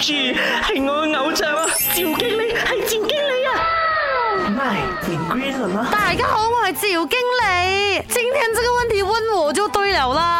住，係我嘅偶像啊！趙經理，係趙經理啊，My green 啦！大家好，我係趙經理。今天這個問題問我就對啦。